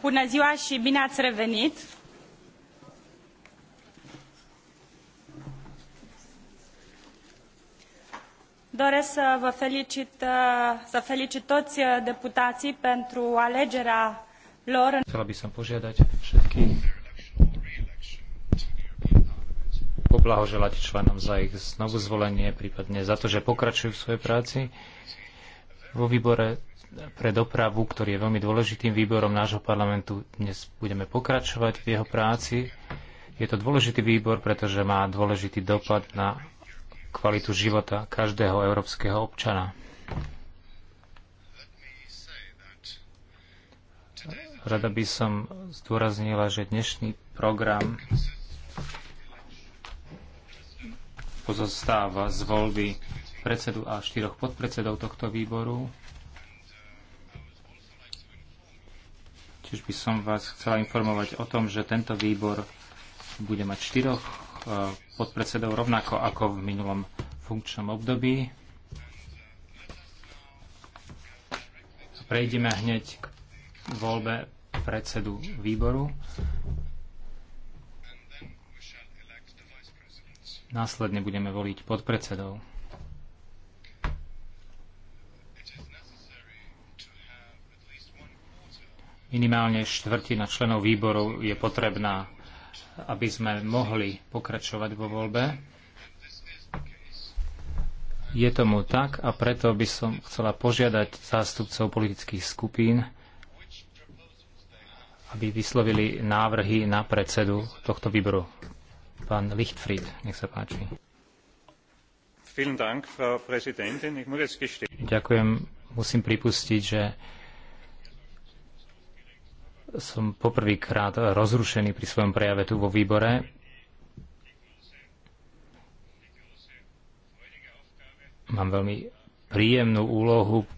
Bună ziua și bine ați revenit! Doresc să vă felicit, uh, să felicit toți uh, deputații pentru alegerea lor. Chcela by som požiadať všetkých poblahoželať členom za ich znovuzvolenie, prípadne za to, že pokračujú v svojej práci vo výbore pre dopravu, ktorý je veľmi dôležitým výborom nášho parlamentu. Dnes budeme pokračovať v jeho práci. Je to dôležitý výbor, pretože má dôležitý dopad na kvalitu života každého európskeho občana. Rada by som zdôraznila, že dnešný program pozostáva z voľby predsedu a štyroch podpredsedov tohto výboru. Tiež by som vás chcela informovať o tom, že tento výbor bude mať štyroch e, podpredsedov rovnako ako v minulom funkčnom období. Prejdeme hneď k voľbe predsedu výboru. Následne budeme voliť podpredsedov. minimálne štvrtina členov výboru je potrebná, aby sme mohli pokračovať vo voľbe. Je tomu tak a preto by som chcela požiadať zástupcov politických skupín, aby vyslovili návrhy na predsedu tohto výboru. Pán Lichtfried, nech sa páči. Ďakujem. Musím pripustiť, že som poprvýkrát rozrušený pri svojom prejave tu vo výbore. Mám veľmi príjemnú úlohu,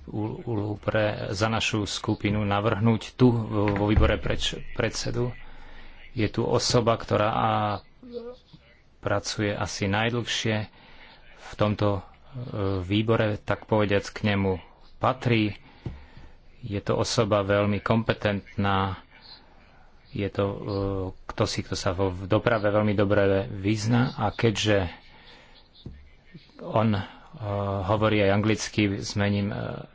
úlohu pre, za našu skupinu navrhnúť tu vo výbore preč, predsedu. Je tu osoba, ktorá a, pracuje asi najdlhšie v tomto e, výbore, tak povediac k nemu patrí je to osoba veľmi kompetentná, je to e, kto si, kto sa vo doprave veľmi dobre vyzna a keďže on e, hovorí aj anglicky, zmením, e,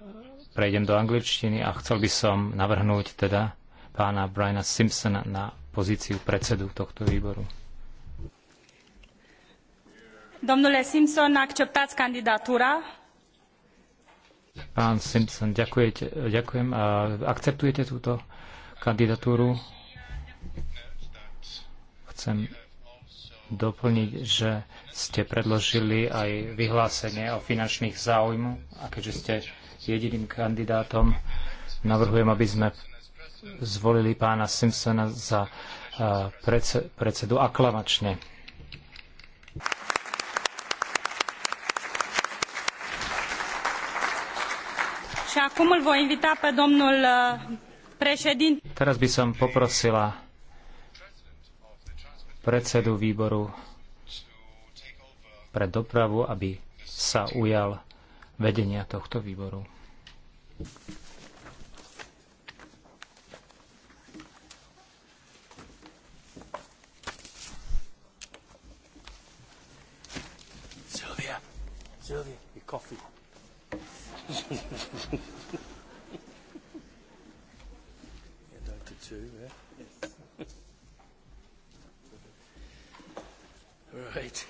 prejdem do angličtiny a chcel by som navrhnúť teda pána Briana Simpsona na pozíciu predsedu tohto výboru. Domnule Simpson, akceptați candidatura? Pán Simpson, ďakujete, ďakujem. A akceptujete túto kandidatúru? Chcem doplniť, že ste predložili aj vyhlásenie o finančných záujmu a keďže ste jediným kandidátom, navrhujem, aby sme zvolili pána Simpsona za predsedu aklamačne. îl voi invita pe domnul uh, președinte. Teraz by som poprosila predsedu výboru pre dopravu, aby sa ujal vedenia tohto výboru. your coffee. Right.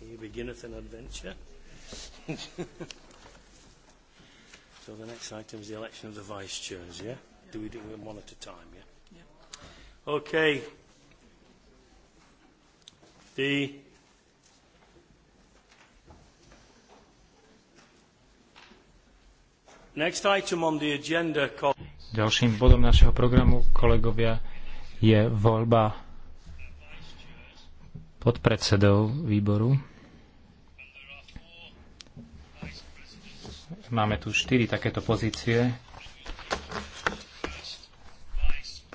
Here beginneth an adventure. so the next item is the election of the vice chairs, yeah? yeah. Do we do them one at a time, yeah? yeah. Okay. The Agenda... Ďalším bodom našeho programu, kolegovia, je voľba podpredsedov výboru. Máme tu štyri takéto pozície.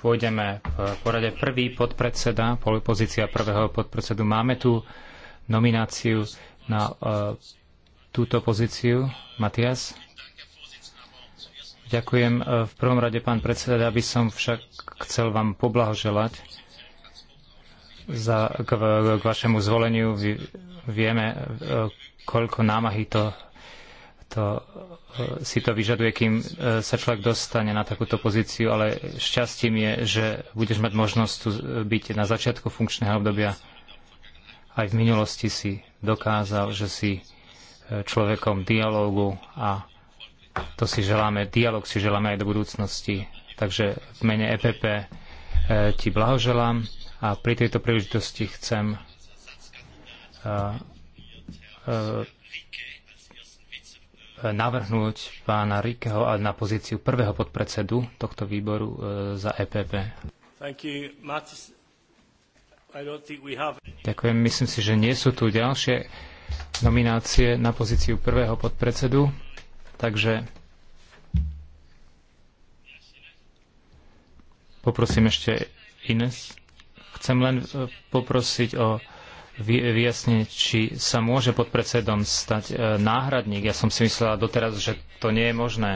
Pôjdeme v porade prvý podpredseda, pozícia prvého podpredsedu. Máme tu nomináciu na uh, túto pozíciu. Matias? Ďakujem. E, v prvom rade, pán predseda, by som však chcel vám poblahoželať za, k, k vašemu zvoleniu. Vieme, e, koľko námahy to, to e, si to vyžaduje, kým sa človek dostane na takúto pozíciu, ale šťastím je, že budeš mať možnosť tu byť na začiatku funkčného obdobia. Aj v minulosti si dokázal, že si človekom dialógu a to si želáme, dialog si želáme aj do budúcnosti. Takže v mene EPP eh, ti blahoželám a pri tejto príležitosti chcem eh, eh, navrhnúť pána Rikeho na pozíciu prvého podpredsedu tohto výboru za EPP. Have... Ďakujem. Myslím si, že nie sú tu ďalšie nominácie na pozíciu prvého podpredsedu. Takže poprosím ešte Ines. Chcem len e, poprosiť o vyjasnenie, či sa môže pod predsedom stať e, náhradník. Ja som si myslela doteraz, že to nie je možné.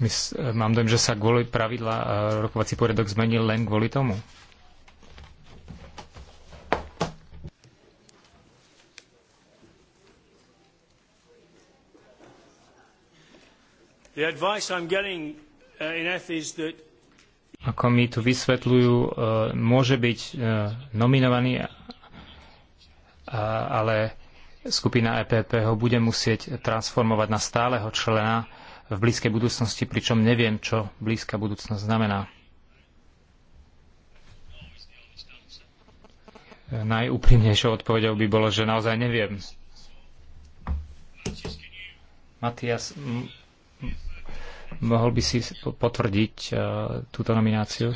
E, mám dojem, že sa kvôli pravidla rokovací poriadok zmenil len kvôli tomu. Uh, Ako mi tu vysvetľujú, uh, môže byť uh, nominovaný, ale skupina EPP ho bude musieť transformovať na stáleho člena v blízkej budúcnosti, pričom neviem, čo blízka budúcnosť znamená. Najúprimnejšou odpoveďou by bolo, že naozaj neviem. Matias, Mohol by si potvrdiť e, túto nomináciu?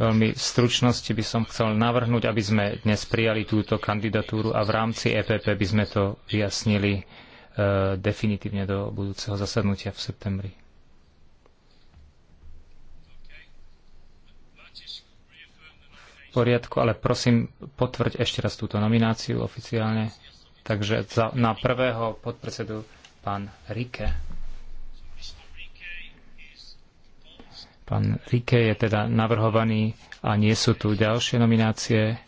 Veľmi v stručnosti by som chcel navrhnúť, aby sme dnes prijali túto kandidatúru a v rámci EPP by sme to vyjasnili e, definitívne do budúceho zasadnutia v septembri. V poriadku, ale prosím, potvrď ešte raz túto nomináciu oficiálne. Takže za, na prvého podpredsedu pán Rike. Pán Rike je teda navrhovaný a nie sú tu ďalšie nominácie.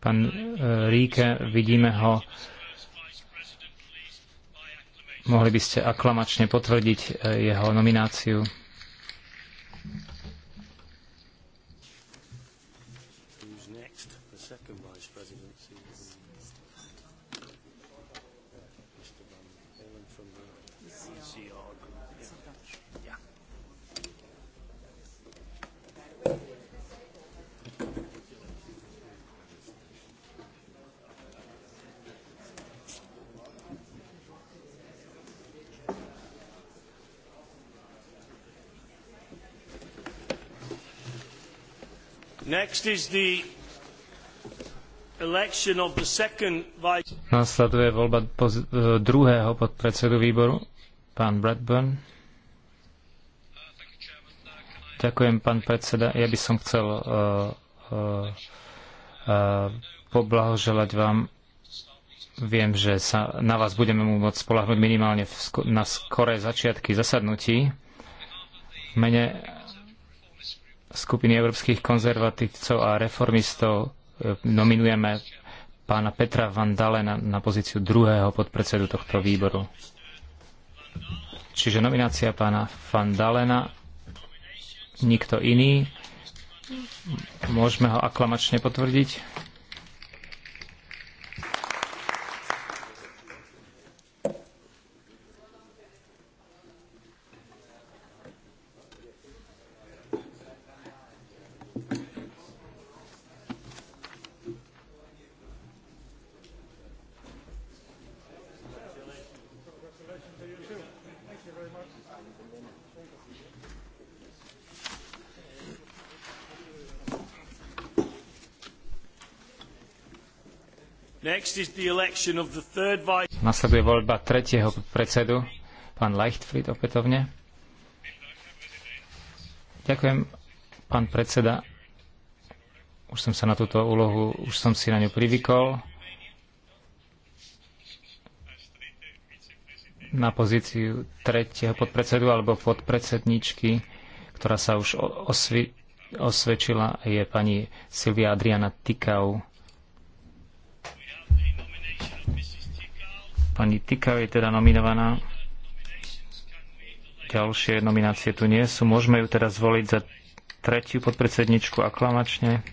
Pán e, Ríke, vidíme ho. Mohli by ste aklamačne potvrdiť e, jeho nomináciu. Next is the Nasleduje voľba e, druhého podpredsedu výboru, pán Bradburn. Ďakujem, pán predseda. Ja by som chcel uh, uh, uh, poblahoželať vám. Viem, že sa na vás budeme môcť spolahnuť minimálne na skoré začiatky zasadnutí. Mene skupiny európskych konzervatívcov a reformistov nominujeme pána Petra Van Dalena na pozíciu druhého podpredsedu tohto výboru. Čiže nominácia pána Van Dalena, nikto iný. Môžeme ho aklamačne potvrdiť. Nasleduje voľba tretieho predsedu, pán Leichtfried opätovne. Ďakujem, pán predseda. Už som sa na túto úlohu, už som si na ňu privykol. Na pozíciu tretieho podpredsedu alebo podpredsedničky, ktorá sa už osvi, osvedčila, je pani Silvia Adriana Tikau. Pani Tika je teda nominovaná. Ďalšie nominácie tu nie sú. Môžeme ju teraz zvoliť za tretiu podpredsedničku aklamačne.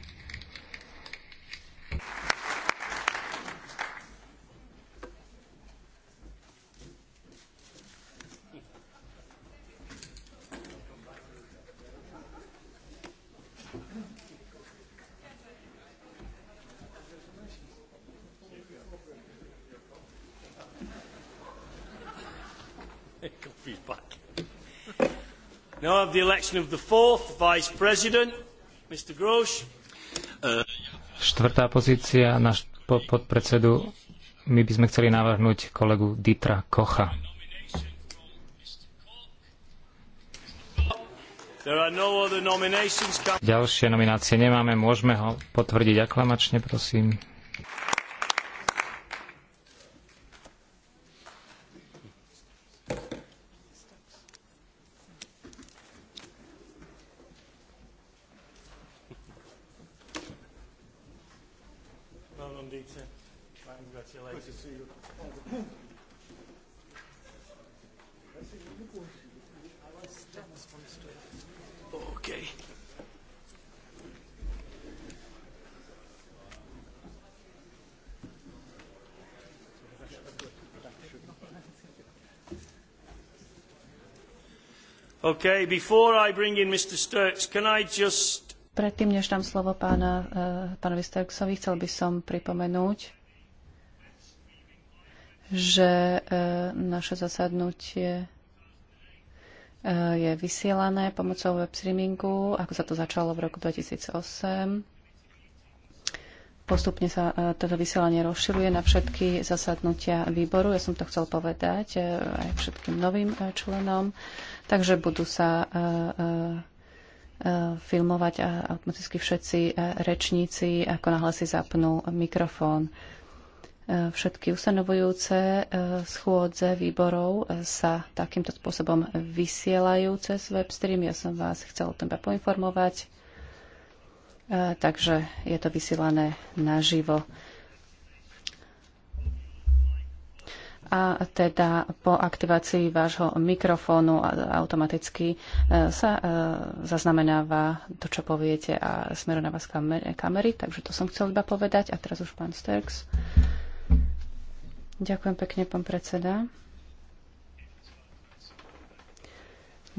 Uh, štvrtá pozícia na podpredsedu. My by sme chceli navrhnúť kolegu Dietra Kocha. No Ďalšie nominácie nemáme, môžeme ho potvrdiť aklamačne, prosím. Okay, before I bring in Mr. Sturks, can I just... Predtým, než dám slovo pána, eh, pánovi Sturksovi, chcel by som pripomenúť, že eh, naše zasadnutie eh, je vysielané pomocou web streamingu, ako sa to začalo v roku 2008. Postupne sa e, toto vysielanie rozširuje na všetky zasadnutia výboru. Ja som to chcel povedať e, aj všetkým novým e, členom. Takže budú sa filmovať automaticky všetci rečníci, ako náhle si zapnú mikrofón. Všetky ustanovujúce schôdze výborov sa takýmto spôsobom vysielajú cez webstream. Ja som vás chcel o tom poinformovať takže je to vysielané naživo. A teda po aktivácii vášho mikrofónu automaticky e, sa e, zaznamenáva to, čo poviete a smeru na vás kamery. Takže to som chcel iba povedať. A teraz už pán Sterks. Ďakujem pekne, pán predseda.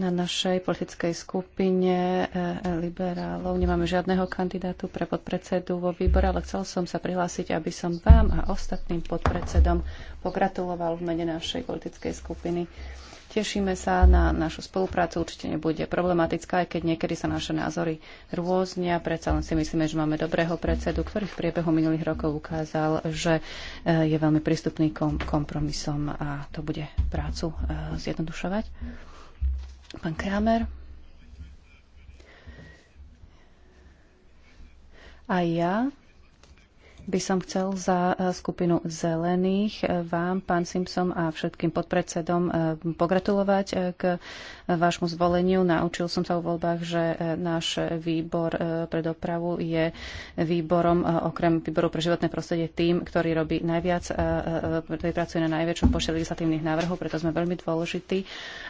na našej politickej skupine eh, eh, liberálov. Nemáme žiadneho kandidátu pre podpredsedu vo výbore, ale chcel som sa prihlásiť, aby som vám a ostatným podpredsedom pogratuloval v mene našej politickej skupiny. Tešíme sa na našu spoluprácu, určite nebude problematická, aj keď niekedy sa naše názory rôznia. Predsa len si myslíme, že máme dobrého predsedu, ktorý v priebehu minulých rokov ukázal, že eh, je veľmi prístupný kompromisom a to bude prácu zjednodušovať. Pán Kramer. A ja by som chcel za e, skupinu zelených e, vám, pán Simpson a všetkým podpredsedom e, pogratulovať k vášmu zvoleniu. Naučil som sa o voľbách, že náš výbor pre dopravu je výborom, okrem výboru pre životné prostredie, tým, ktorý robí najviac, ktorý pracuje na najväčšom počte legislatívnych návrhov, preto sme veľmi dôležití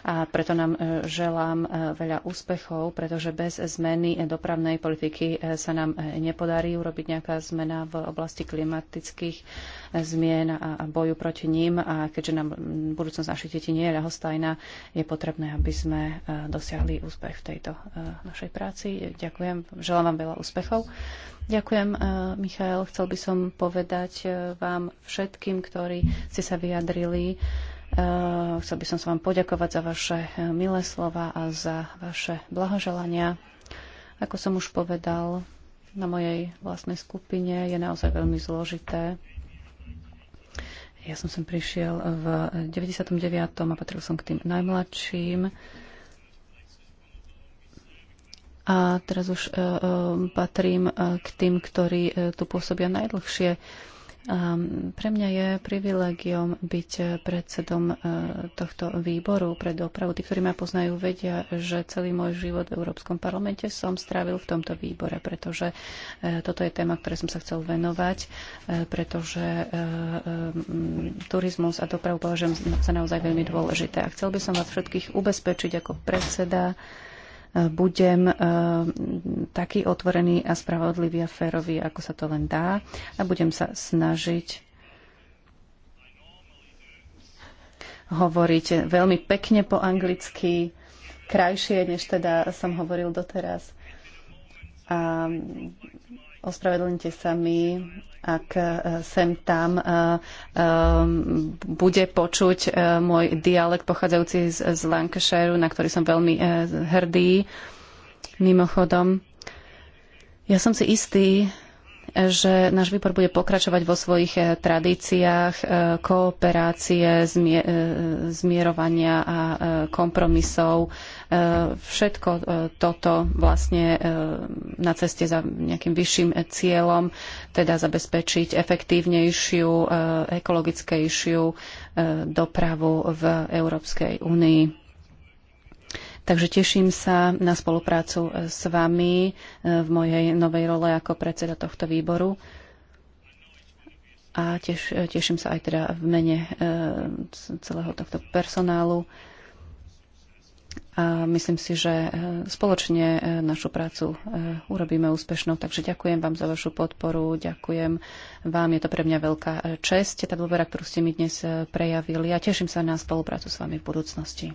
a preto nám želám veľa úspechov, pretože bez zmeny dopravnej politiky sa nám nepodarí urobiť nejaká zmena v oblasti oblasti klimatických zmien a boju proti ním. A keďže nám budúcnosť našich detí nie je ľahostajná, je potrebné, aby sme e, dosiahli úspech v tejto e, našej práci. Ďakujem, želám vám veľa úspechov. Ďakujem, e, Michael. Chcel by som povedať vám všetkým, ktorí ste sa vyjadrili, Chcel by som sa vám poďakovať za vaše milé slova a za vaše blahoželania. Ako som už povedal, na mojej vlastnej skupine je naozaj veľmi zložité. Ja som sem prišiel v 99. a patril som k tým najmladším. A teraz už e, e, patrím e, k tým, ktorí tu pôsobia najdlhšie. Ehm, pre mňa je privilegiom byť eh, predsedom eh, tohto výboru pre dopravu. Tí, ktorí ma poznajú, vedia, že celý môj život v Európskom parlamente som strávil v tomto výbore, pretože eh, toto je téma, ktoré som sa chcel venovať, pretože turizmus a dopravu považujem za naozaj veľmi dôležité. A chcel by som vás všetkých ubezpečiť ako predseda budem eh, taký otvorený a spravodlivý a férový, ako sa to len dá a budem sa snažiť hovoriť veľmi pekne po anglicky, krajšie, než teda som hovoril doteraz. A Ospravedlňte sa mi, ak eh, sem tam eh, eh, bude počuť môj dialekt pochádzajúci z Lancashire, na ktorý som veľmi hrdý. Mimochodom, ja som si istý, že náš výbor bude pokračovať vo svojich eh, tradíciách eh, kooperácie, eh, zmierovania a kompromisov. Všetko toto vlastne na ceste za nejakým vyšším cieľom, teda zabezpečiť efektívnejšiu, ekologickejšiu dopravu v Európskej únii. Takže teším sa na spoluprácu e, s vami e, v mojej novej role ako predseda tohto výboru. A tiež, e, teším sa aj teda v mene celého tohto personálu. A myslím si, že spoločne našu prácu urobíme úspešnou. Takže ďakujem vám za vašu podporu, ďakujem vám. Je to pre mňa veľká česť, tá dôvera, ktorú ste mi dnes prejavili. A teším sa na spoluprácu s vami v budúcnosti.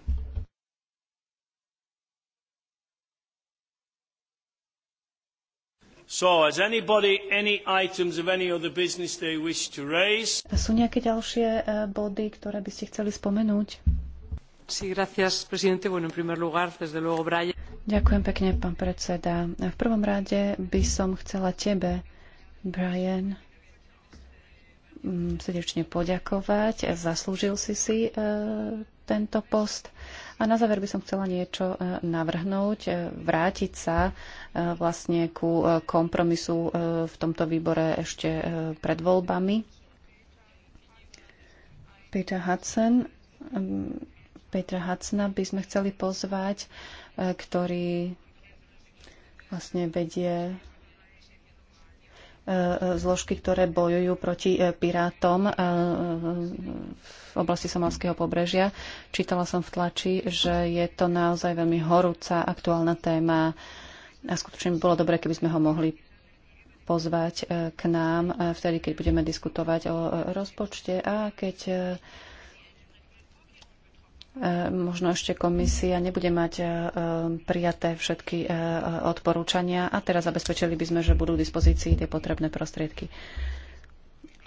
So, has anybody any items of any other business they wish to raise? Sú nejaké ďalšie e, body, ktoré by ste chceli spomenúť? Sí, gracias, presidente. Bueno, en primer lugar, desde luego, Brian. Ďakujem pekne, pán predseda. V prvom rade by som chcela tebe, Brian, Mm, srdečne poďakovať. Zaslúžil si si e, tento post. A na záver by som chcela niečo e, navrhnúť, e, vrátiť sa vlastne ku kompromisu v tomto výbore ešte pred voľbami. Petra Hudson, mm, Petra Hudsona by sme chceli pozvať, ktorý vlastne vedie zložky, ktoré bojujú proti e, pirátom e, v oblasti somalského pobrežia. Čítala som v tlači, že je to naozaj veľmi horúca aktuálna téma a skutočne by bolo dobré, keby sme ho mohli pozvať e, k nám vtedy, keď budeme diskutovať o rozpočte a keď E, možno ešte komisia nebude mať e, prijaté všetky e, odporúčania a teraz zabezpečili by sme, že budú k dispozícii tie potrebné prostriedky.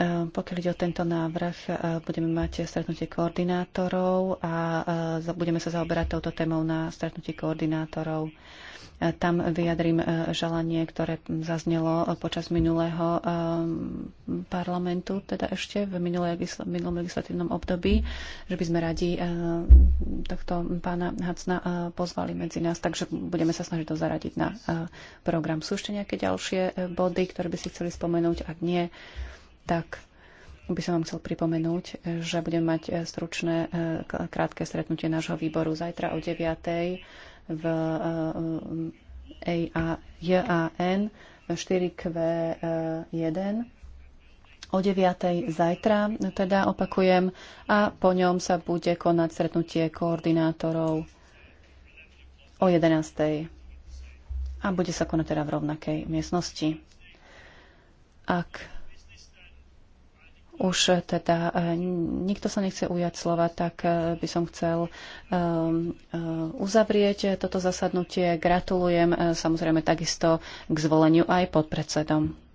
E, pokiaľ ide o tento návrh, e, budeme mať stretnutie koordinátorov a e, budeme sa zaoberať touto témou na stretnutí koordinátorov. Tam vyjadrím želanie, ktoré zaznelo počas minulého parlamentu, teda ešte v minulom legislatívnom období, že by sme radi tohto pána Hacna pozvali medzi nás, takže budeme sa snažiť to zaradiť na program. Sú ešte nejaké ďalšie body, ktoré by si chceli spomenúť? Ak nie, tak by som vám chcel pripomenúť, že budeme mať e, stručné, e, krátke stretnutie nášho výboru zajtra o 9.00 v e, JAN 4Q1 o 9.00 zajtra, teda opakujem, a po ňom sa bude konať stretnutie koordinátorov o 11.00 a bude sa konať teda v rovnakej miestnosti. Ak už teda e, nikto sa nechce ujať slova, tak e, by som chcel e, uzavrieť toto zasadnutie. Gratulujem samozrejme takisto k zvoleniu aj podpredsedom.